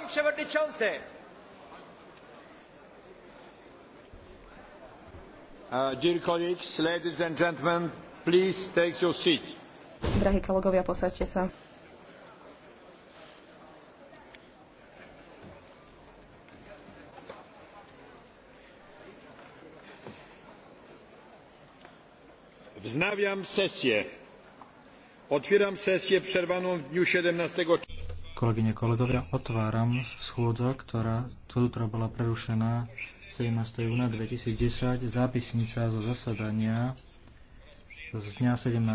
Pan przewodniczący! Uh, dear colleagues, ladies and gentlemen, please take your seat. Drahí kolegovia, posaďte sa. Vznaviam sesie. Otwieram sesie przerwaną w dniu 17 kolegyne, kolegovia, otváram schôdza, ktorá zútra bola prerušená 17. júna 2010, zápisnica zo zasadania z dňa 17.